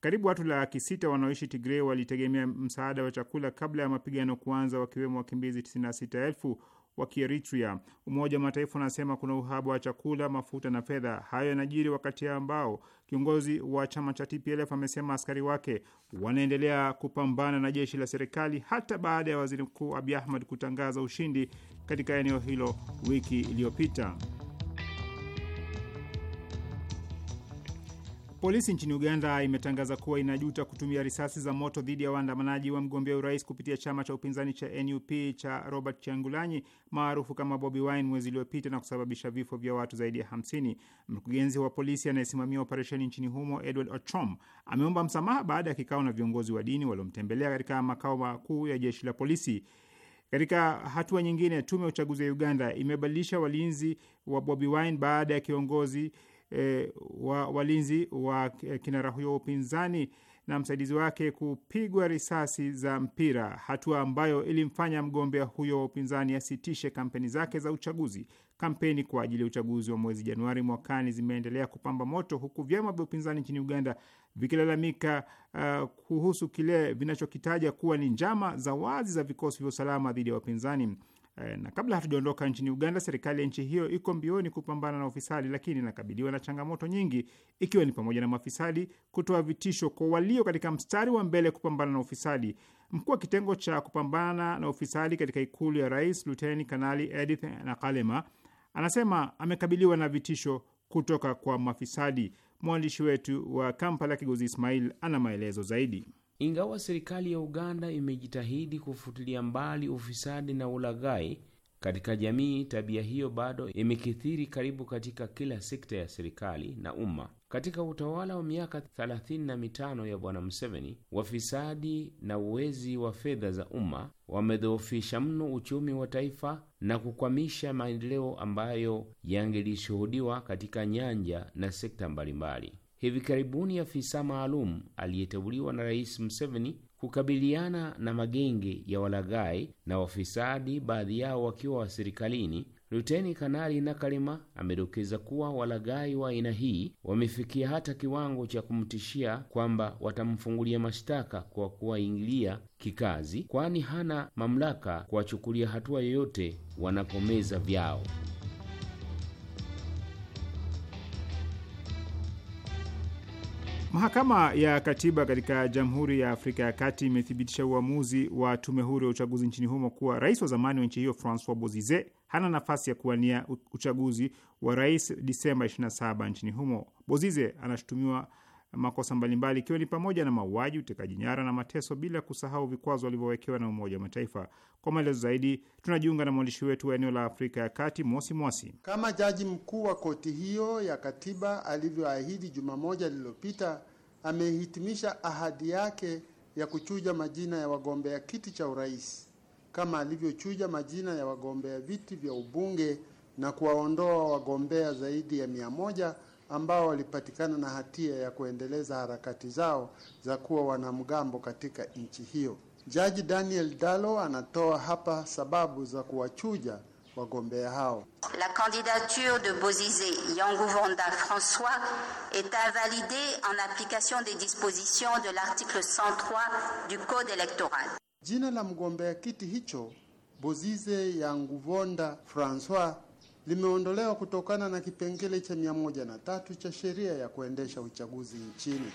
Karibu watu laki sita wanaoishi Tigray walitegemea msaada wa chakula kabla ya mapigano kuanza, wakiwemo wakimbizi 96,000 wa Kieritria. Umoja wa Mataifa unasema kuna uhaba wa chakula, mafuta na fedha. Hayo yanajiri wakati ambao kiongozi wa chama cha TPLF amesema askari wake wanaendelea kupambana na jeshi la serikali hata baada ya waziri mkuu Abiy Ahmed kutangaza ushindi katika eneo hilo wiki iliyopita. Polisi nchini Uganda imetangaza kuwa inajuta kutumia risasi za moto dhidi ya waandamanaji wa mgombea urais kupitia chama cha upinzani cha NUP cha Robert Changulanyi maarufu kama Bobi Wine mwezi uliopita na kusababisha vifo vya watu zaidi ya 50 Mkurugenzi wa polisi anayesimamia operesheni nchini humo Edward Ochom ameomba msamaha baada ya kikao na viongozi wa dini waliomtembelea katika makao makuu ya jeshi la polisi. Katika hatua nyingine, tume ya uchaguzi ya Uganda imebadilisha walinzi wa Bobi Wine baada ya kiongozi e, wa walinzi wa eh, kinara huyo wa upinzani na msaidizi wake kupigwa risasi za mpira, hatua ambayo ilimfanya mgombea huyo wa upinzani asitishe kampeni zake za uchaguzi. Kampeni kwa ajili ya uchaguzi wa mwezi Januari mwakani zimeendelea kupamba moto, huku vyama vya upinzani nchini Uganda vikilalamika uh, kuhusu kile vinachokitaja kuwa ni njama za wazi za vikosi vya usalama dhidi ya wapinzani. Eh, na kabla hatujaondoka nchini Uganda, serikali ya nchi hiyo iko mbioni kupambana na ufisadi, lakini inakabiliwa na changamoto nyingi, ikiwa ni pamoja na mafisadi kutoa vitisho kwa walio katika mstari wa mbele kupambana na ufisadi. Mkuu wa kitengo cha kupambana na ufisadi katika ikulu ya rais, luteni kanali Edith Nakalema, anasema amekabiliwa na vitisho kutoka kwa mafisadi. Mwandishi wetu wa Kampala, Kigozi Ismail, ana maelezo zaidi. Ingawa serikali ya Uganda imejitahidi kufutilia mbali ufisadi na ulaghai katika jamii, tabia hiyo bado imekithiri karibu katika kila sekta ya serikali na umma. Katika utawala wa miaka 35 ya Bwana Museveni, wafisadi na uwezi wa fedha za umma wamedhoofisha mno uchumi wa taifa na kukwamisha maendeleo ambayo yangelishuhudiwa katika nyanja na sekta mbalimbali. Hivi karibuni afisa maalum aliyeteuliwa na Rais Museveni kukabiliana na magenge ya walaghai na wafisadi, baadhi yao wakiwa wa serikalini, Luteni Kanali Nakalima amedokeza kuwa walaghai wa aina hii wamefikia hata kiwango cha kumtishia kwamba watamfungulia mashtaka kwa kuwaingilia kikazi, kwani hana mamlaka kuwachukulia hatua yoyote wanapomeza vyao. Mahakama ya Katiba katika Jamhuri ya Afrika ya Kati imethibitisha uamuzi wa tume huru ya uchaguzi nchini humo kuwa rais wa zamani wa nchi hiyo Francois Bozize hana nafasi ya kuwania uchaguzi wa rais Disemba 27 nchini humo. Bozize anashutumiwa makosa mbalimbali ikiwa ni pamoja na mauaji, utekaji nyara na mateso, bila kusahau vikwazo walivyowekewa na Umoja wa Mataifa. Kwa maelezo zaidi, tunajiunga na mwandishi wetu wa eneo la Afrika ya Kati, Mosi Mwasi. Kama jaji mkuu wa koti hiyo ya katiba alivyoahidi juma moja lililopita, amehitimisha ahadi yake ya kuchuja majina ya wagombea kiti cha urais kama alivyochuja majina ya wagombea viti vya ubunge na kuwaondoa wagombea zaidi ya mia moja ambao walipatikana na hatia ya kuendeleza harakati zao za kuwa wanamgambo katika nchi hiyo. Jaji Daniel Dalo anatoa hapa sababu za kuwachuja wagombea hao. La candidature de Bozizé Yangouvanda François est invalidée en application des dispositions de l'article 103 du code électoral. Jina la mgombea kiti hicho Bozize Yanguvonda Francois limeondolewa kutokana na kipengele cha 103 cha sheria ya kuendesha uchaguzi nchini.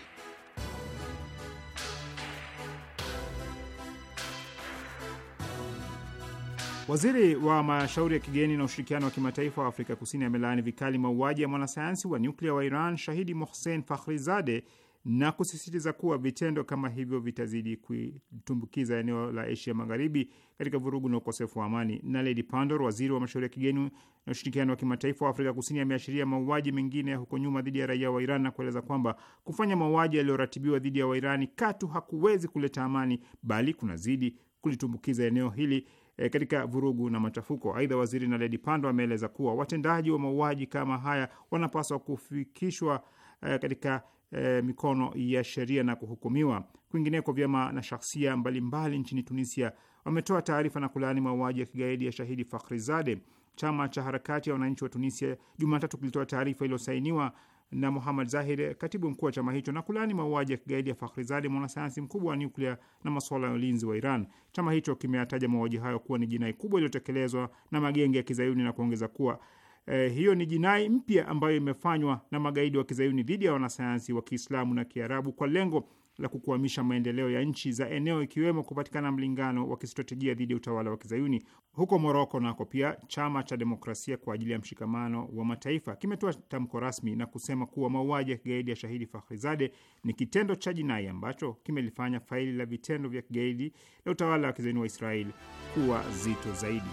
Waziri wa mashauri ya kigeni na ushirikiano wa kimataifa wa Afrika Kusini amelaani vikali mauaji ya mwanasayansi wa nyuklia wa Iran shahidi Mohsen Fakhrizadeh na kusisitiza kuwa vitendo kama hivyo vitazidi kutumbukiza eneo la Asia Magharibi katika vurugu na ukosefu wa amani. Naledi Pandor, waziri wa mashauri ya kigeni na ushirikiano wa kimataifa wa Afrika Kusini, ameashiria mauaji mengine ya huko nyuma dhidi ya raia wa Iran na kueleza kwamba kufanya mauaji yaliyoratibiwa dhidi ya Wairani katu hakuwezi kuleta amani, bali kunazidi kulitumbukiza eneo hili E, katika vurugu na machafuko. Aidha, waziri na Lady Pando ameeleza kuwa watendaji wa mauaji kama haya wanapaswa kufikishwa e, katika e, mikono ya sheria na kuhukumiwa. Kwingineko, vyama na shahsia mbalimbali nchini Tunisia wametoa taarifa na kulaani mauaji ya kigaidi ya shahidi Fakhrizade. Chama cha harakati ya wananchi wa Tunisia Jumatatu kilitoa taarifa iliyosainiwa na Muhamad Zahir, katibu mkuu wa chama hicho, na kulaani mauaji ya kigaidi ya Fakhrizade, mwanasayansi mkubwa wa nyuklia na masuala ya ulinzi wa Iran. Chama hicho kimeataja mauaji hayo kuwa ni jinai kubwa iliyotekelezwa na magenge ya kizayuni na kuongeza kuwa eh, hiyo ni jinai mpya ambayo imefanywa na magaidi wa kizayuni dhidi ya wanasayansi wa Kiislamu na Kiarabu kwa lengo la kukwamisha maendeleo ya nchi za eneo ikiwemo kupatikana mlingano wa kistratejia dhidi ya utawala wa kizayuni. Huko Moroko nako pia chama cha demokrasia kwa ajili ya mshikamano wa mataifa kimetoa tamko rasmi na kusema kuwa mauaji ya kigaidi ya shahidi Fakhrizade ni kitendo cha jinai ambacho kimelifanya faili la vitendo vya kigaidi la utawala wa kizayuni wa Israeli kuwa zito zaidi.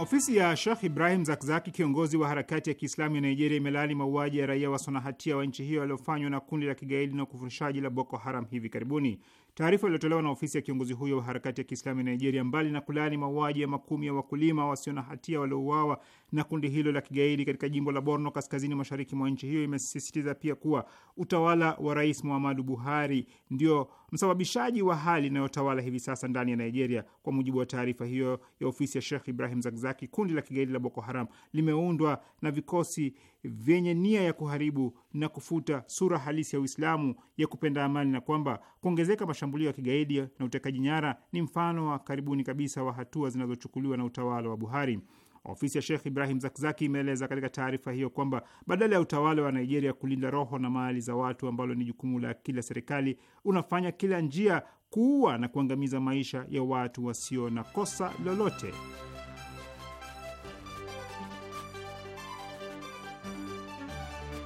Ofisi ya shekh Ibrahim Zakzaki, kiongozi wa harakati ya Kiislamu ya Nigeria, imelaani mauaji ya raia wasonahatia wa nchi hiyo yaliyofanywa na kundi la kigaidi na ukufurishaji la Boko Haram hivi karibuni. Taarifa iliyotolewa na ofisi ya kiongozi huyo wa harakati ya Kiislamu ya Nigeria, mbali na kulaani mauaji ya makumi ya wakulima wasio na hatia waliouawa na kundi hilo la kigaidi katika jimbo la Borno kaskazini mashariki mwa nchi hiyo, imesisitiza pia kuwa utawala wa Rais Muhammadu Buhari ndio msababishaji wa hali inayotawala hivi sasa ndani ya Nigeria. Kwa mujibu wa taarifa hiyo ya ofisi ya Sheikh Ibrahim Zakzaki, kundi la kigaidi la Boko Haram limeundwa na vikosi vyenye nia ya kuharibu na kufuta sura halisi ya Uislamu ya kupenda amani, na kwamba kuongezeka mashambulio ya kigaidi na utekaji nyara ni mfano wa karibuni kabisa wa hatua zinazochukuliwa na utawala wa Buhari. Ofisi ya Sheikh Ibrahim Zakzaki imeeleza katika taarifa hiyo kwamba badala ya utawala wa Nigeria kulinda roho na mali za watu, ambalo ni jukumu la kila serikali, unafanya kila njia kuua na kuangamiza maisha ya watu wasio na kosa lolote.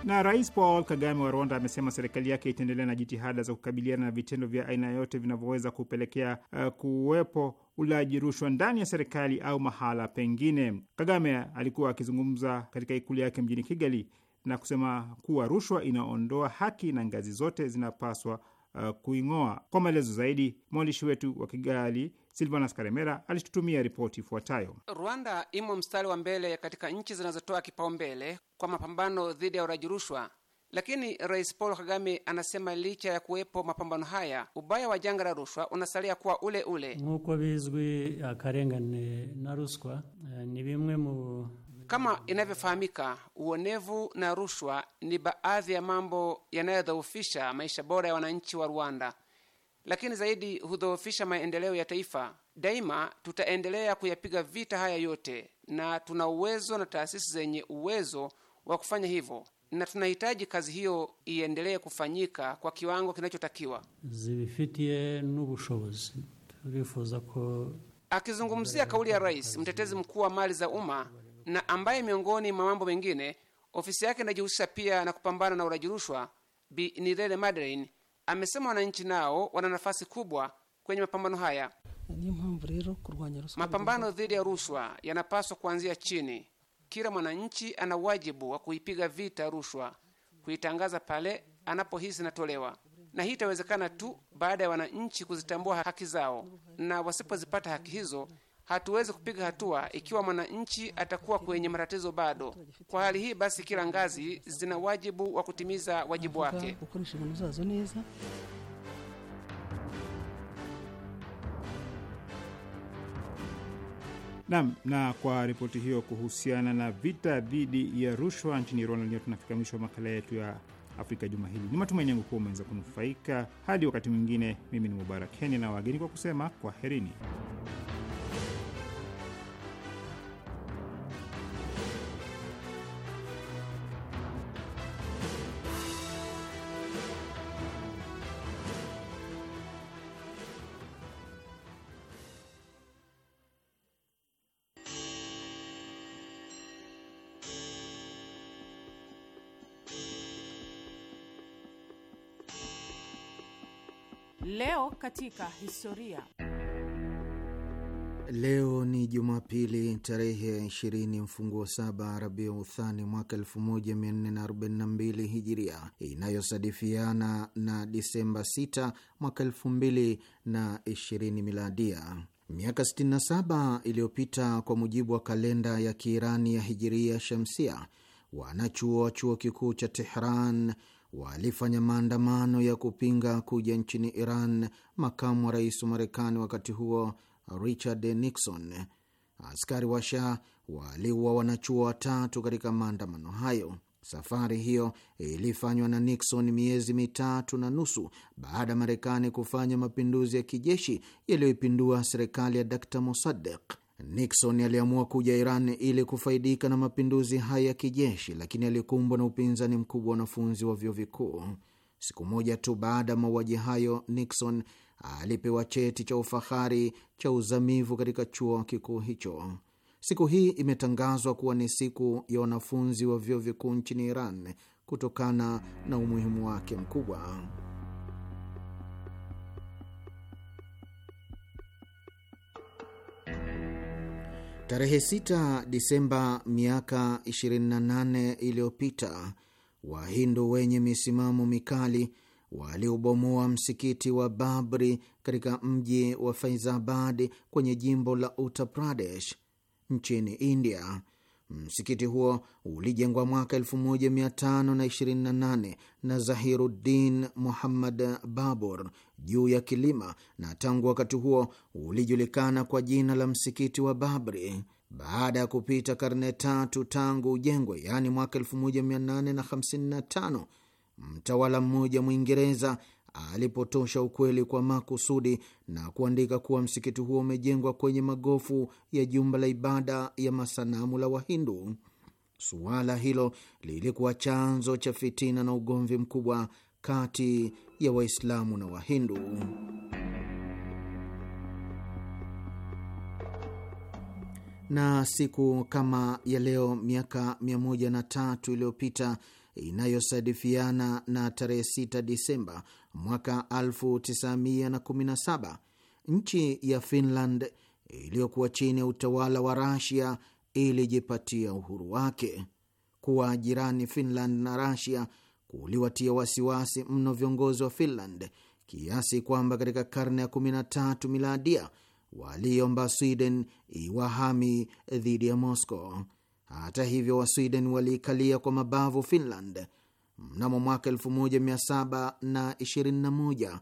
Na Rais Paul Kagame wa Rwanda amesema serikali yake itaendelea na jitihada za kukabiliana na vitendo vya aina yote vinavyoweza kupelekea uh, kuwepo ulaji rushwa ndani ya serikali au mahala pengine. Kagame alikuwa akizungumza katika ikulu yake mjini Kigali na kusema kuwa rushwa inaondoa haki na ngazi zote zinapaswa uh, kuing'oa. Kwa maelezo zaidi, mwandishi wetu wa Kigali Silvanas Karemera alitutumia ripoti ifuatayo. Rwanda imo mstari wa mbele katika nchi zinazotoa kipaumbele kwa mapambano dhidi ya uraji rushwa, lakini Rais Paul Kagame anasema licha ya kuwepo mapambano haya, ubaya wa janga la rushwa unasalia kuwa ule ule. nkuko bizwi akarengane na ruswa eh, ni bimwe mu kama inavyofahamika, uonevu na rushwa ni baadhi ya mambo yanayodhoofisha maisha bora ya wananchi wa Rwanda lakini zaidi hudhoofisha maendeleo ya taifa. Daima tutaendelea kuyapiga vita haya yote, na tuna uwezo na taasisi zenye uwezo wa kufanya hivyo, na tunahitaji kazi hiyo iendelee kufanyika kwa kiwango kinachotakiwa. Akizungumzia kauli ya rais, mtetezi mkuu wa mali za umma na ambaye miongoni mwa mambo mengine ofisi yake inajihusisha pia na kupambana na uraji rushwa, Bi Nirere Madeleine amesema wananchi nao wana nafasi kubwa kwenye mapambano haya. Mapambano dhidi ya rushwa yanapaswa kuanzia chini. Kila mwananchi ana wajibu wa kuipiga vita rushwa, kuitangaza pale anapohisi inatolewa, na hii itawezekana tu baada ya wananchi kuzitambua haki zao, na wasipozipata haki hizo hatuwezi kupiga hatua ikiwa mwananchi atakuwa kwenye matatizo bado. Kwa hali hii basi, kila ngazi zina wajibu wa kutimiza wajibu wake. Nam, na kwa ripoti hiyo kuhusiana na vita dhidi ya rushwa nchini Rwanda, ndio tunafika mwisho wa makala yetu ya Afrika juma hili. Ni matumaini yangu kuwa umeweza kunufaika. Hadi wakati mwingine, mimi ni Mubarakeni na wageni kwa kusema kwaherini. Leo katika historia. Leo ni Jumapili tarehe 20 mfunguo saba Rabiu Uthani mwaka 1442 Hijiria, inayosadifiana na Disemba 6 mwaka 2020 Miladia. Miaka 67 iliyopita kwa mujibu wa kalenda ya Kiirani ya Hijiria Shamsia, wanachuo wa chuo kikuu cha Tehran walifanya maandamano ya kupinga kuja nchini Iran makamu wa rais wa Marekani wakati huo Richard Nixon. Askari wa Shah waliua wanachuo watatu katika maandamano hayo. Safari hiyo ilifanywa na Nixon miezi mitatu na nusu baada ya Marekani kufanya mapinduzi ya kijeshi yaliyoipindua serikali ya Dr Mossadegh. Nixon aliamua kuja Iran ili kufaidika na mapinduzi haya ya kijeshi, lakini alikumbwa na upinzani mkubwa wa wanafunzi wa vyuo vikuu. Siku moja tu baada ya mauaji hayo, Nixon alipewa cheti cha ufahari cha uzamivu katika chuo kikuu hicho. Siku hii imetangazwa kuwa ni siku ya wanafunzi wa vyuo vikuu nchini Iran kutokana na umuhimu wake mkubwa. Tarehe 6 Disemba miaka 28 iliyopita, Wahindu wenye misimamo mikali waliubomoa msikiti wa Babri katika mji wa Faizabad kwenye jimbo la Uttar Pradesh nchini India. Msikiti huo ulijengwa mwaka 1528 na Zahiruddin Muhammad Babur juu ya kilima, na tangu wakati huo ulijulikana kwa jina la msikiti wa Babri. Baada ya kupita karne tatu tangu ujengwe, yaani mwaka 1855, mtawala mmoja Mwingereza alipotosha ukweli kwa makusudi na kuandika kuwa msikiti huo umejengwa kwenye magofu ya jumba la ibada ya masanamu la Wahindu. Suala hilo lilikuwa chanzo cha fitina na ugomvi mkubwa kati ya Waislamu na Wahindu. Na siku kama ya leo miaka 103 iliyopita inayosadifiana na tarehe 6 Disemba mwaka 1917 nchi ya Finland iliyokuwa chini ya utawala wa Rasia ilijipatia uhuru wake. Kuwa jirani Finland na Rasia kuliwatia wasiwasi mno viongozi wa Finland kiasi kwamba katika karne ya 13 miladia waliomba Sweden iwahami dhidi ya Moscow. Hata hivyo, Wasweden waliikalia kwa mabavu Finland. Mnamo mwaka 1721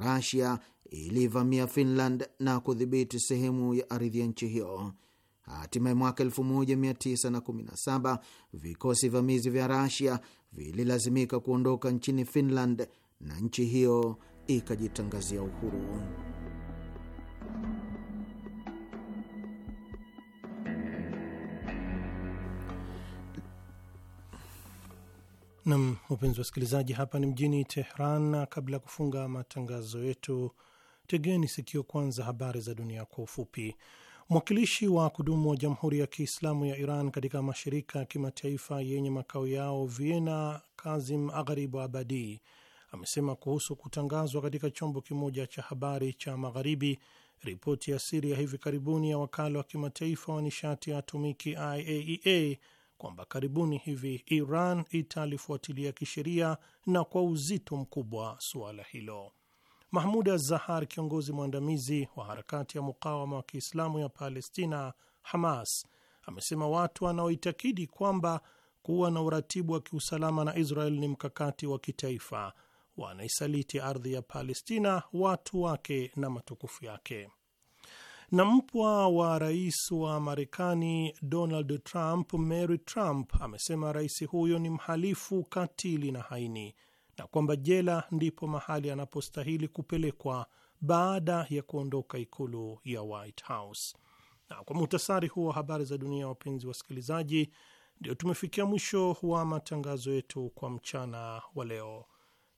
Rasia ilivamia Finland na kudhibiti sehemu ya ardhi ya nchi hiyo. Hatimaye mwaka 1917 vikosi vamizi vya Rasia vililazimika kuondoka nchini Finland na nchi hiyo ikajitangazia uhuru. Nam, wapenzi wasikilizaji, hapa ni mjini Tehran, na kabla ya kufunga matangazo yetu, tegeni sikio kwanza habari za dunia kwa ufupi. Mwakilishi wa kudumu wa Jamhuri ya Kiislamu ya Iran katika mashirika ya kimataifa yenye makao yao Vienna, Kazim Agharibu Abadi, amesema kuhusu kutangazwa katika chombo kimoja cha habari cha Magharibi ripoti ya siri ya hivi karibuni ya wakala wa kimataifa wa nishati ya atomiki IAEA e kwamba karibuni hivi Iran italifuatilia kisheria na kwa uzito mkubwa suala hilo. Mahmud azahar kiongozi mwandamizi wa harakati ya mukawama wa Kiislamu ya Palestina, Hamas, amesema watu wanaoitakidi kwamba kuwa na uratibu wa kiusalama na Israel ni mkakati wa kitaifa wanaisaliti ardhi ya Palestina, watu wake na matukufu yake na mpwa wa rais wa Marekani Donald Trump, Mary Trump, amesema rais huyo ni mhalifu, katili na haini, na kwamba jela ndipo mahali anapostahili kupelekwa baada ya kuondoka ikulu ya White House. Na kwa muhtasari huo habari za dunia, wapenzi wasikilizaji, ndio tumefikia mwisho wa matangazo yetu kwa mchana wa leo.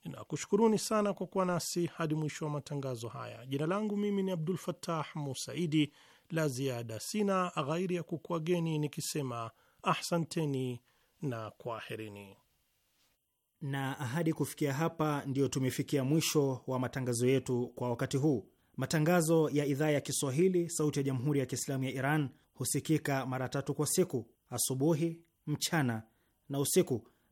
Ninakushukuruni sana kwa kuwa nasi hadi mwisho wa matangazo haya. Jina langu mimi ni Abdul fatah Musaidi. La ziada sina ghairi ya kukuageni nikisema ahsanteni na kwaherini. Na ahadi kufikia hapa, ndiyo tumefikia mwisho wa matangazo yetu kwa wakati huu. Matangazo ya idhaa ya Kiswahili sauti ya Jamhuri ya Kiislamu ya Iran husikika mara tatu kwa siku: asubuhi, mchana na usiku.